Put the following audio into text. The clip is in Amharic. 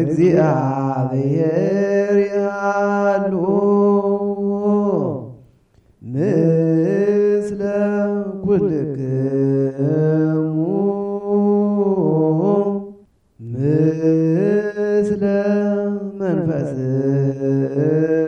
እግዚአብሔር ያሉ ምስለ ኩልክሙ ምስለ መንፈስ